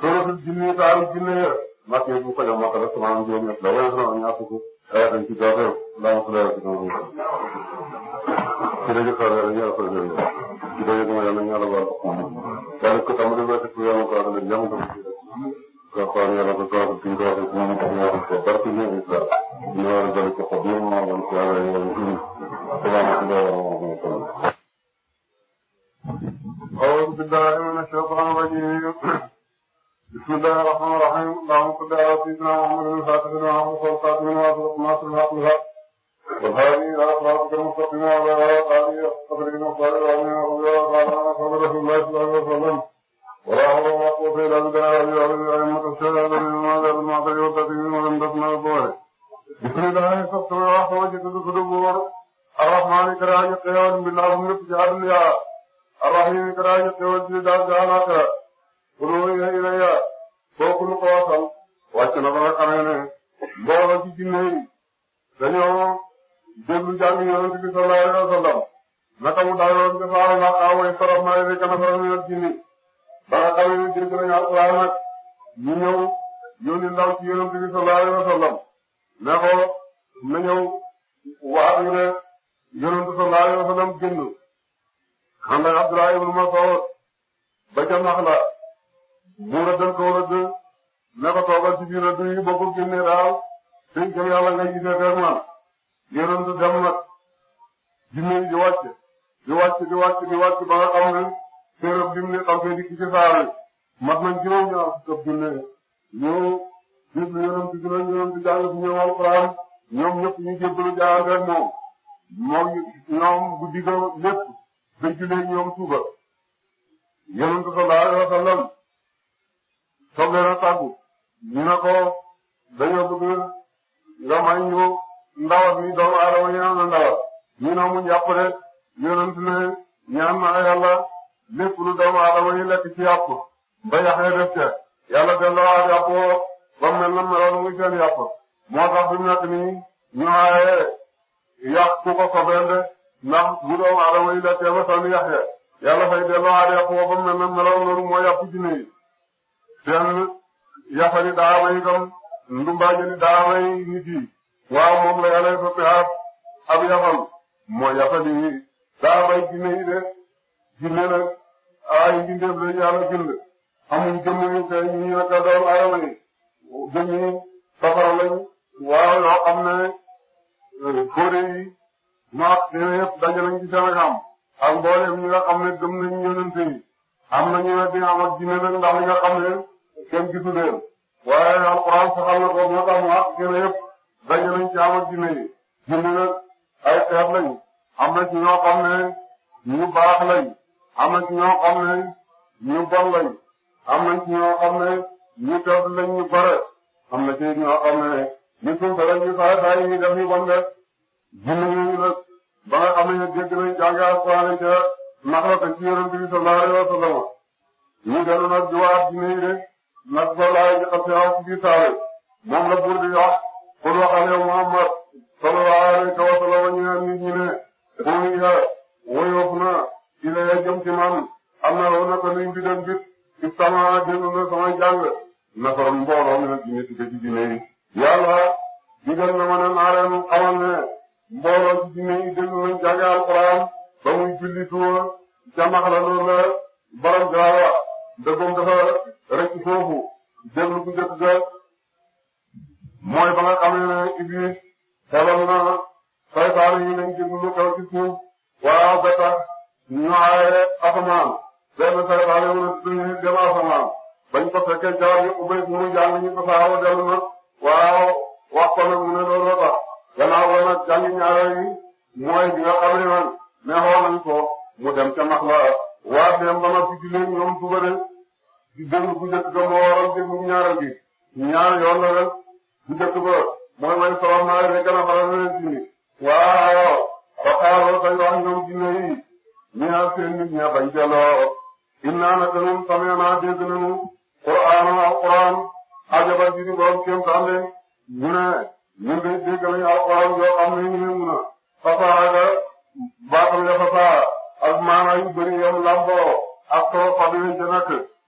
sóoratu jinni taaru jinne ya màcc bu ko jëm waxtaan ak semence bi ñu la wala semence ñaar fukk aywa dañ ci doog a laaj su la yor si sama bopp. ci rajo Saalum dañuy yàlla sori jërëjëf ci rajo bi ma yàlla ñu yàlla baal ko. yàlla ko tam dafa def yàlla ko wax dëgg yàlla ko ci ko xool yàlla ko toog ci ko wax ci moom ko wax ko barki ñu islam ñu war a dal ko xob ñu ma woon ko yàlla yàlla ci salaamaaleykum wa rahmatulah. أعوذ بالله من الشيطان الرجيم bismillahir rahmanir rahim allahumma salli ala sayyidina muhammadin al-fatih lima ughliqa wal-khatimi lima sabaqa nasril haqqi bil haqq wal hadi ila siratikal mustaqim wa ala alihi wa sahbihi ajma'in ne ko na ñëw wax ñu ne yonentu sallallahu alayhi wa sallam génn xam nga Abdullah ibn Mas'ud ba ca Naxla mu rëddal ko rëdd ne ko toogal ci biir rëdd yi boo ko génnee daal suñ ko yàlla ngay gisee fee man yonentu dem nag jinne yi di wàcc di wàcc di ba nga xam ne téeram bi mu ne xam ne di ci saari mat nañ juróom ñaar fukk ak junne ñu bis bi yonent bi la ñoom di jàng ci ñoom alxuraan ñoom ñu jébbalu jaarale ak moom moom ñoom bu digal lépp ba jullee suba yonent sallallahu alayhi wa sallam soog leen a tàggu ñu ne ko dañoo bëgg nga may ñu ndawat mi doomu aadama ñu ñu ne mu jàpp rek yonent ne ñaan naa yàlla lépp lu doomu aadama yi lekk ci yàpp ba yàqee def ca yàlla delloo ak comme mel na meloon muy seen yàpp moo tax bu ñu nekk nii ñu aaye yàq ku ko sobeel de ndax bu doomu aadama yi lekkee ba sànni yàq ya yàlla fay delloo aar ba mel na meloon loolu moo yàpp ci ne yi seen yàqali daama yi comme ndumbaaje ni daama yi nit yi waaw moom la yàlla ab yàqam moo yàqali daama yi jinne de jinne nag ay mbindeef la yàlla bind amuñ jëmm ñu koy ñu ne ka doomu jëmmi safara lañ yoo xam ne fóode euh, yi naat yooyu yëpp daje xam ne gëm nañu yonent yi am nañu nag di am ak jinne nag ndax li nga xam ne kenn gisu leen waaye alxuraan saxal na ko moo tax mu àq gën a yëpp daje nañ ci am ak jinne yi jinne nag ay xeet lañ am na ci ñoo ñu toog lañ ñu gore am na ci ñoo xam ne ñu tuub rek ñu sax saa yi ñu def ñu ñu nag ba nga ne dégg nañ jàng alxuraan ca naxla ko ci yonent bi sallallahu wa sallam ñu dellu nag di waat jinne yi de nag soolaay di xasee ci biir saare moom la buur di wax pour waxale Muhammad sallallahu alayhi wa sallam ñu ne nit ñi ne pour ñu yar woyof na ila ya jëm ci man am na loo nekk ni mu di dem bit ci sama déglu na sama jàng na ko mbooloo mi nag dina ci ci dina yi yàlla na ma ne naa leen mbooloo ci dina yi déglu ba muy jullitu ca maxla la borom gaawa dëggoom dafa rek foofu déglu bu njëkk mooy ba nga xamee ne iblis xelal na saytaan yi nañ déglu lu kaw ci aaye asamaan benn mu ne déglu dem asamaan bañ ko fekkee jaww ji ubbeeku muy jàng ñu ko saaroo dellu nag waaw wax ko nag mu ne loolu la tax gannaaw ba nag jàng ñaareel yi mooy bi nga xam ne man neexoon nañ ko mu dem ca max la waa dem ba noppi di leen ñoom suba de di déglu bu njëkk ba moo waral déglu ñaareel gi ñaar yoon la rek bu njëkk mooy may soxla maa ngi lay gën a faral di leen dindi waaw ba xaaral say wax yi ñaar seen nit ña bañ delloo innaa naka ñun alxuraanam alxuraan ajabat ji di borom kéem taan leen ñu ne ñun de dégg nañu alxuraan yoo xam ne ñu ne mun a fasaara baatam ya fasaara ak maana yu bëri yam lamboo ak soo fadile ca nak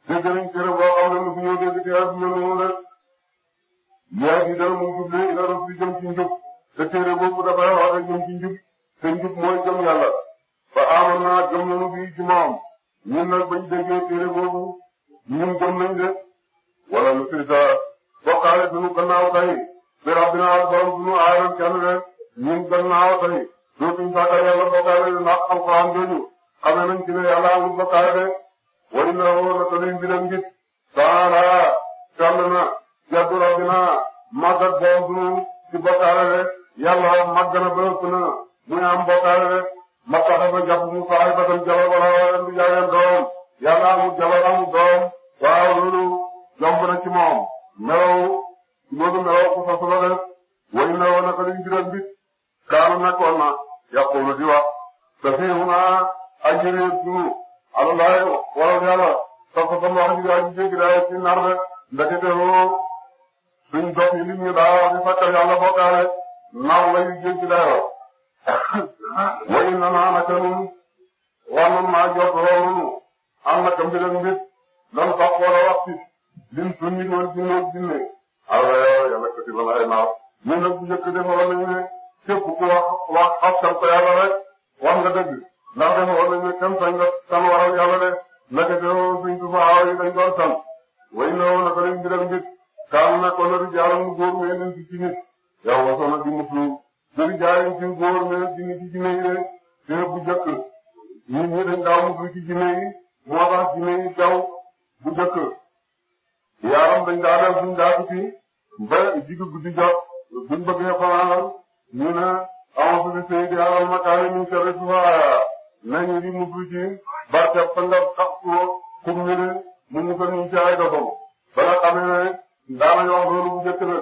dégg nañ téere boo xam ne mosu ñëw dégg téere bu mel noonu rek yaay di dal mu jublee ila rus bi jëm ci njub te téere boobu dafay wax rek jëm ci njub te njub mooy gëm yàlla ba amoon naa gëm nañu bi ci moom ñun nag bañ déggee téere boobu ñun gëm nañ de wala lu si sa bokkaale sunu gannaaw tey bi rabbina borom sunu aayoon kenn rek ñun gannaaw tey dootuñ saaka yàlla bokkaale ndax alxuraan jooju xame nañ ci ne yàlla amul bokkaale de wari na woo la tëdduñ bi dem gis saala sell na jaddu rabbina màggat borom sunu ci bokkaale de yàlla màgg na ba ëpp na muy am bokkaale de makkaata ba jàpp mu saay ba tam jalo wala wala du jaayeen doom yàlla amul jalo amul doom waaw loolu yomb na ci moom melaw loolu melaw ku sos la def way melaw naka lañ jural bit kaanu nekkoon na di wax te fii mu naa ak yëre suñu alalaay waral yàlla sax sax tam wax ji aji jéggi daay ci nar rek ndeketewoo suñ dox yi nit ñi daa wax di fàttal yàlla bokkaale nar la yu jéggi daay way na naa naka nun war nan naa jot loolu nu lan sax wala wax ci lim suñ ñu doon ci ñoom dinañ. alors yàlla na ko ci mën a énaaw. ñun nag bu njëkk a defaroon nañu ne képp ku wax wax xam ko yàlla rek wax nga dëgg ndax defaroon nañu ne kenn sañ nga san waral yàlla de naka defaroon suñ tubaaw yi dañ doon san. way noo naka lañ gërëm njëkk. kaanu ne ko la di jaaroon góor mais nañ ci ci nit. yow na di muslu. di góor mais di nit ci jinne yi de. te bu njëkk nit ñi dañ daaw muslu ci jinne yi moo tax jinne yaaram dañ daa def suñ daa tukki ba digg guddi jot buñ bëggee fanaanal ñu ne a'uuzu bi sayyidi alal makaari min sharri sufaraa nañu di muslu ci barkeb fa nga xas ko kum ñu ne mu musal ñu ci ay dofam ba nga xam ne daanañ wax loolu bu jëkk na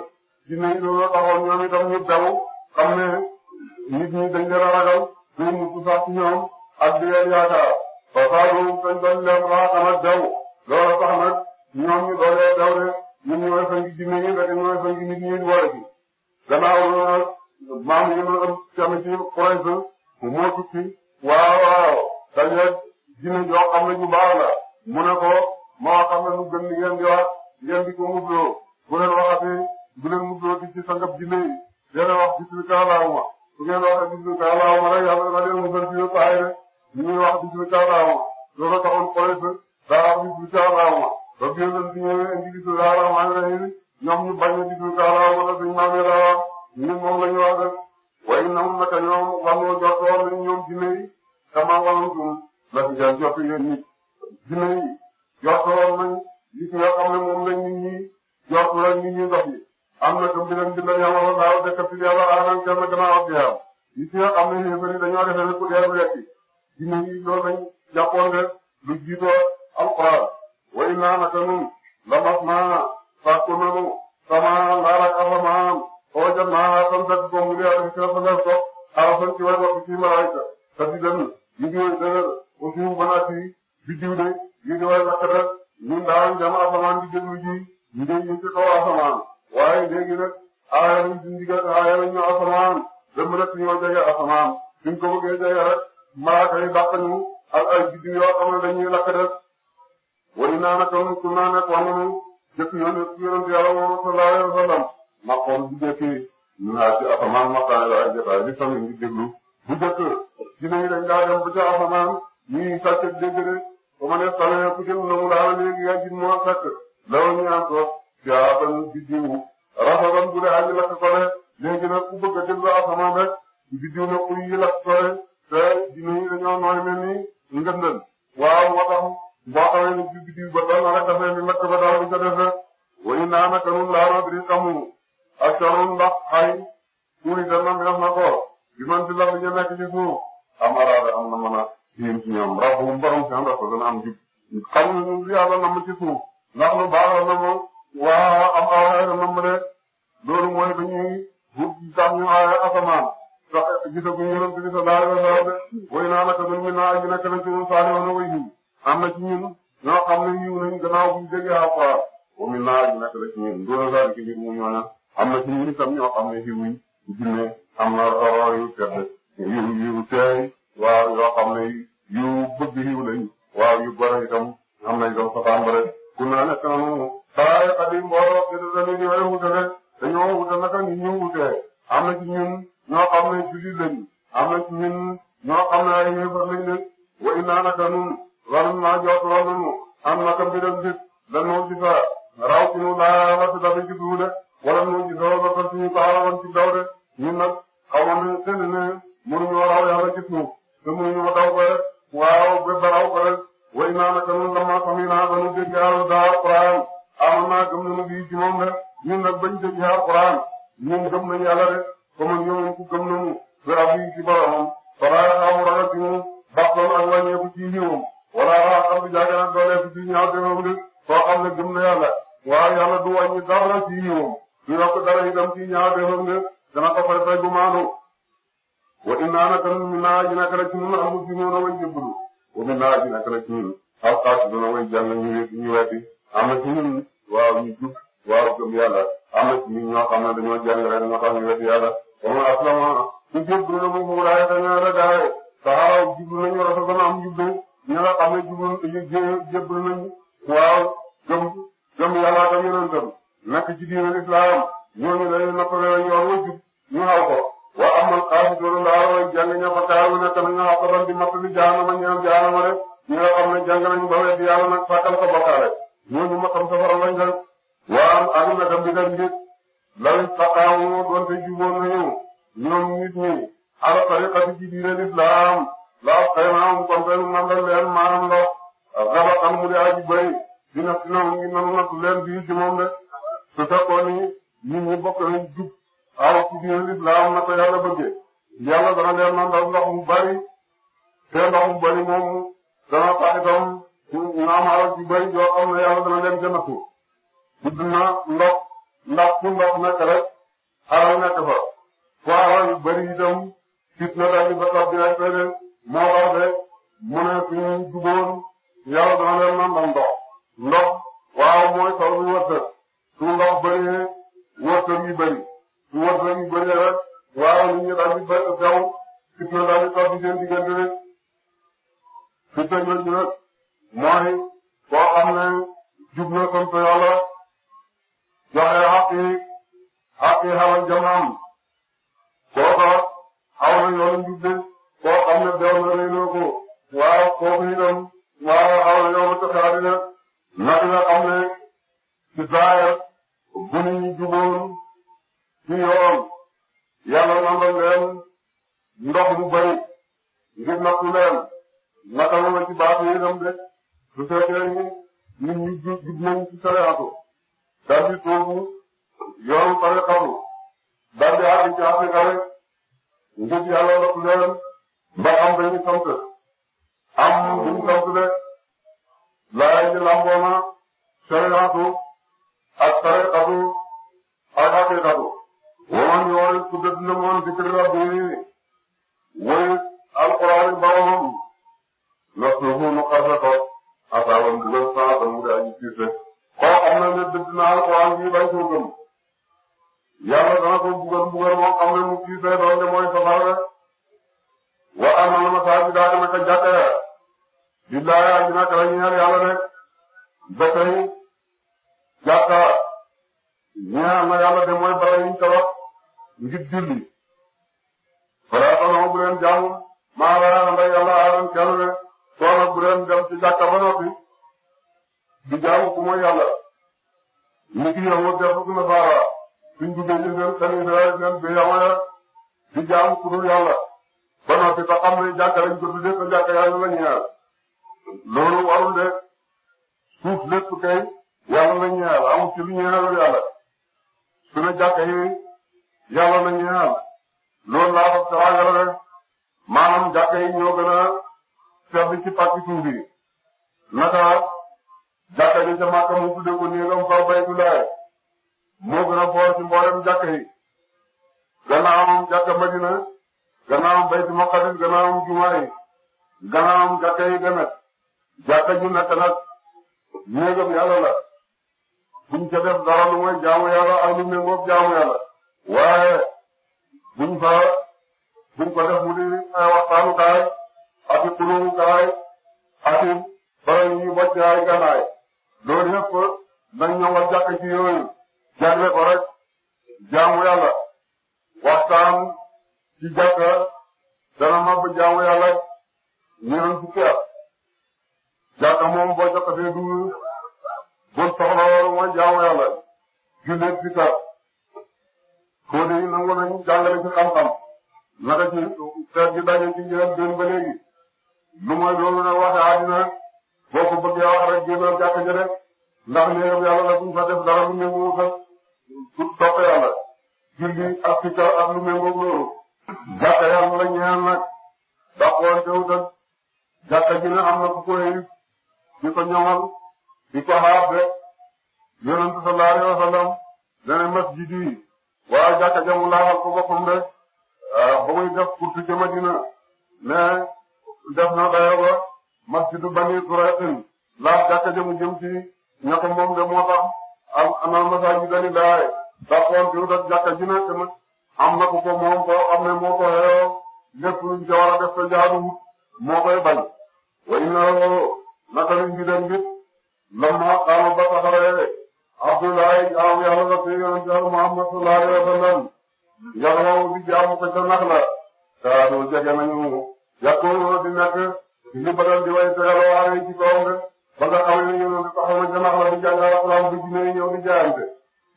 dinañ loolu taxoon ñoom itam ñu daw xam ne nit ñi dañ leen a ragal pour musu sax ci ñoom ak di leen yaakaar fa faalu dañ doon leen raaxal ak daw loolu tax nag ñoom ñu doole daw ne ñun ñooy sangi jinne ñi rek ñooy sangi nit ñi boole ci gannaaw maam yi ñu am cami ci province moo tukki waaw waaw dañu jinne joo xam ne ñu baax la mu ne ko moo xam ne lu gën li ngeen di wax ngeen di ko mubloo bu leen waxati bu leen mubloo di ci sangab jinne yi dina wax bismillah laahuma su ngeen waxee bismillah laahuma rek yàlla dafa leen musal ci yëpp aay rek ñu ñuy wax bismillah laahuma loolu taxoon province daa wax bismillah laahuma ba yonent bi ñëwee indi bisimilah rahmaani rahiim ñoom ñu bañ a bisimilah wala suñu maamee laa ñun moom la ñu wax rek waaye ñoom naka ñoom waxoo joxoon nañ ñoom dinañ sama wàllum suum la si jël jox yéen nit dinañ joxoon nañ li ci nga xam ne moom lañ nit ñi jox la nit ñi ndox yi am na comme bi leen dinañ amoon daaw de képp yàlla aaraan kenn gannaaw ak yàlla li ci nga xam ne yéen bëri dañoo defee ne pour yàlla lekk dinañ loolu lañ jàppoon rek lu jiitoo alxuraan way naa naka moom la mos naa sàkku nanu sama laala asamaan fooja naa sant ak góob bi ak monsieur Fadel Sow aarfan ci wàllu ci malaayika te di dem ñu ngi dëgër aussi mën a ci biddiw de ñu ngi way lakk rek ñun daal jëm asamaan di ji ñu ngi ñu ci kaw asamaan waaye léegi nag aaya lañ ci ndigal aaya lañ ñu asamaan dem rek ñoo jege asamaan suñ ko bëggee jege rek malaaka yi dàq ñu ak ay biddiw yoo xam ne dañuy lakk rek. wari naa a wax na naa nag wax jëkk yoon yonent yàlla woo sallallahu alayhi wa sallam ma xool bu jëkk naa ci asamaan waxtaane la ay jotaay li tamit ngi déglu bu jëkk dina ñu dañ daa dem ba ca asamaan ñuy sàcc ku jël na mu laala léegi yaa gis moo sàcc lawa ñaan ko ci aban biddiw rafetal bu dee aji lakk ko a déglu asamaan lakk ko de te dina ñu dañoo nooy mel ni ngëndal waaw boo xamee ni bi bi ba doon wala dafay ni lakk ba dara du ko defee wala naa naka ñun laa doon xamu ak coono ndax xay suul itam na mi def na ko bi man ci laaj ñu nekk ci suuf am araada am na mën a yéen ci ñoom rafet bu mu borom seen dana am jub xam nga ñun yàlla na ma ci suuf ndax lu baax la ma waa am awaay la ma de loolu mooy dañuy wut tax ñu aaye asamaan sax gisaguñ yërëm ci sa laaj la saa de wala naa naka ñun mi naa ji nekk na ci suuf saa ne woon na am na ci ñun ñoo xam ne yiw nañ gannaaw bu ñu déggee alxuraan wa min naa nekk la ci ñun duna sax ci mbir mu ñoo na am na ci ñun itam ñoo xam ne yiwuñ jinne am na roor yu tedd yiw yiw teey waaw yoo xam ne yiw bëgg yiw lañ waaw yu gore itam naka la ci ñun amul fi mu ne way jëbbalu wa min naa ci naka la ci ñun alxaasi dana way jàng na ci ñun waaw ñu jub waaw gëm yàlla am na ci ñun ñoo xam ne dañoo jàng rek ñoo tax ñu wetti yàlla wa na mu muuraay dañoo la daaye saxaaw jublu nañu rafet ba am jublu ñi nga xam ne jublu jëbbalu nañu waaw borom bi mottali jaanama ñeel jaanama rek ñi a xam ne jàng nañu ba weddi yàlla nag fàkkal ko bokkaale ñooñu ma xam safara lañ rek waaw aduna dem bi dem ngir law istaqaamu doonte juboon nañu nit ñi ala tariqati ci diine lislaam la xaymaam kon kay mandal leen maanaam ndox rabatan mu di aji bay dina dina mu ngi nanu nag leen bii ci moom de su fekkoon ni ñi bokk nañ jub aw ci diine lislaam na ko yàlla bëggee yàlla dana leen mandal ndox mu bari te ndox mu bëri moomu dana tax itam ñu am alal ju bëri yoo xam ne leen gën a tuur. tudd na ndox ndax fu ndox nekk rek alal nekk fa foo alal yu bëri fitna daal di ba tax dinañ moo tax de mu ne fi ñu duggoon yàlla dana leen nandal ndox. ndox waaw mooy taw bi wërsëg su ndox bëree wërsëg yi bëri su wërsëg yi bëree rek waaw nit ñi daal di bëri daw fitna daal di tax di rek. fitna yooyu nag mooy koo xam ne jub na sant yàlla joxe xaq yi xaq yi xalal jamaam kooka xaw na yoonu njub alxaqiqatu waman yooyu ku dëdd na moon zikri rabbihi woy alquran boromam nasluhu nu xarfe ko asaabam dugal saatan mu di aji siise koo xam na ne dëdd na alquran yi bañ koo gëm yàlla dana ko bugal bugal moo xam ne mu siise doon de mooy safara rek wa amal masaajida naka jàkka ya lillahi aji naka la ñeel yàlla rek jàkka yi jàkka a na yàlla de mooy bara yiñ toroot ngir julli falaata noo bu leen jaamu maa la ànd ak yàlla aaran kenn ne soo bu leen dem ci jàkka ba noppi jaamu ku mooy yàlla ni ki yahut def ku na saara suñ duggee ci seen seen israel seen bi yamaya di jaamu ku dul yàlla ba noppi te xam ne jàkka lañ ko tuddee te jàkka yàlla la ñeel loolu warul de suuf lépp kay yàlla la ñeel amul ci lu ñeel yàlla sunu jàkka yi yàlla na ñu ñaar ah, loolu laa ko traçal rek maanaam jàkka yi ñoo gën a sedd ci pàcc suuf bi naka jàkka ji ca Makka mu tudde ko néegam fa moo gën a foor ci mboolem jàkka yi gannaawam jàkka Madina gannaawam Baytu Maqdis gannaawam jumaa yi gannaawam jàkka yi gën a jàkka ju nekk nag néegam yàlla la. buñ ca def dara lu mooy jaamu yàlla ak lu méngoog jaamu yàlla waaye buñ fa buñ ko def mu di ay ah, waxtaanu kaay ati kulóobu kaay ati barab yi bocc ay ganaay loolu yëpp nañ ñëwal jàkk ci yooyu jagle ko jaamu yàlla waxtaan ci jàkka dana mab jaamu yàlla ñeneen fukki at jàkka moom boo jàkka fee du bul soxla loolu mooy jaamu yàlla jullit ci sa fóode yi nangu nañu jàngale ci xam-xam naka ci xeet gi daje ci njëriñ benn ba léegi lu mooy loolu nag waxe àddina boo ko bëggee wax rek génnal jàkk ja rek ndax néegam yàlla la buñ fa def dara lu méngoo fa topp yàlla julli ak sikkar ak lu méngoo loolu jàkk yàlla la ñeel nag dàqoon teewut ak jàkk ji ne am na ku koy di ko ñoŋal ci Kaolack de yonent sallallahu alayhi wa sallam nee na masjid yi waaye jàkka jamu laafal ko boppam de ah, ba muy kurtu ca Madina mais def na dayoo ba masjidu Bani Qurayza laaf jàkka jamu jëm ci ñàkk moom de moo tax am amal masaajid dañuy daay ndax woon ci wutal ji nekk nag am na ko ko moom koo xam moo ko xeeyoo lépp luñ ca war a def te jaadu moo koy bañ wa inna naka lañ ci dem lamma qaama ba taxawee Abdoulaye jaamu yàlla la te yonent yàlla Muhammad sallallahu alayhi wa sallam yàlla woo di jaamu ko ca nax la. kaanu jege nañu yàqoon di nekk li badal di way tegal waare ci kawam rek ba nga xam ne yonent taxaw na ca nax la di jàngal alxuraan bu jinne ñëw di jaayante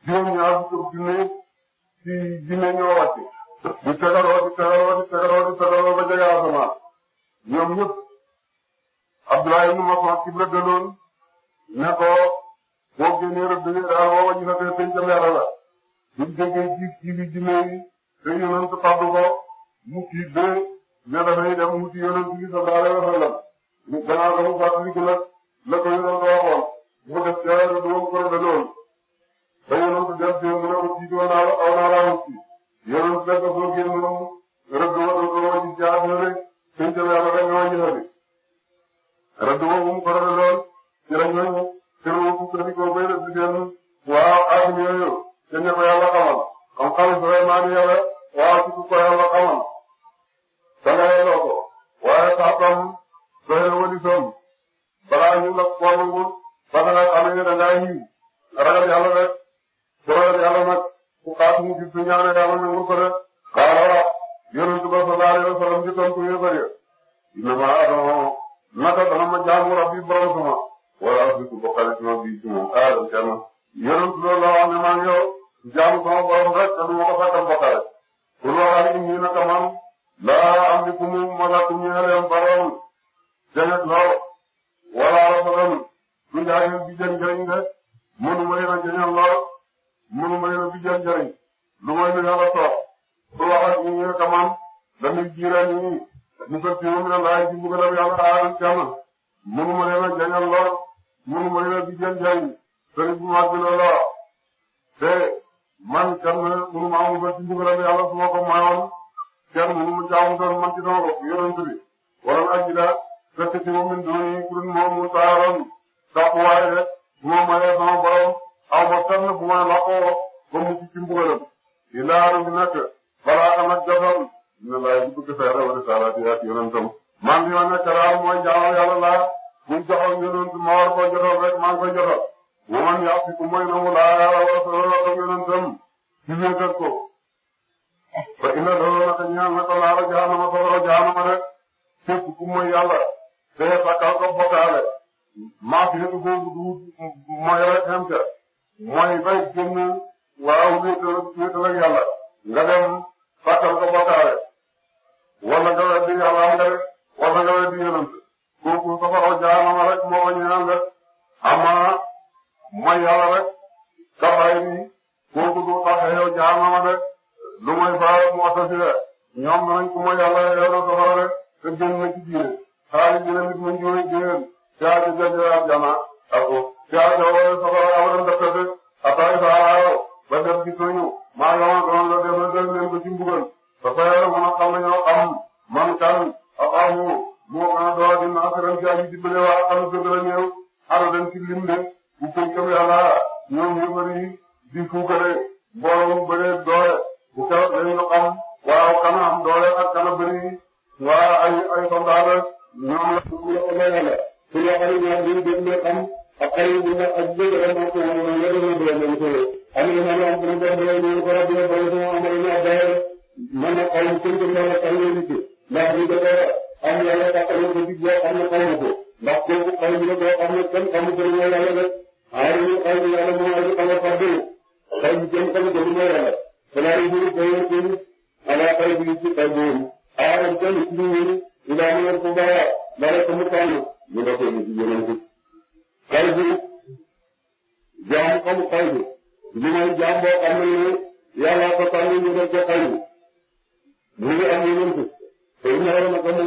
juróom ñaar fukki jinne ci jinne ñoo wàcc di tegaloo di tegaloo mooy bi dina bàyyi bu bëgg fexe wala saalaati ak yonentam man li ma nekk daal mooy jaamu yàlla laa bu ñu joxoon ma war koo rek maa ngi koy jotal bu man yàq si ku mooy nangu laa yàlla wala soxla ak yonentam ci wéetal ko ba ina loolu naka ñaan naka jaanama soxla rek fépp ku mooy yàlla te sakkal ko bokkaale maa fi nekk boobu du mooy rek xam ca mooy bay génn waaw wéetal wéetal ak nga dem sakkal ko bokkaale wala nga weddi yàlla am rek wala nga weddi yonent kooku safara jaanama rek moo ko ñaan rek amaa mooy yàlla rek kabaay bi kooku du tax yow jaanama rek lu mooy faa moo tax si rek ñoom danañ ko mooy yàlla ci loo xam ne ñoom ñu gën a xam ak xarit bu nekk ak bu njëkk a dem ak moom mooy nga defee bële moom itamit. am na ñoo xam ne moom bu ñu doon bële ñëwee na ba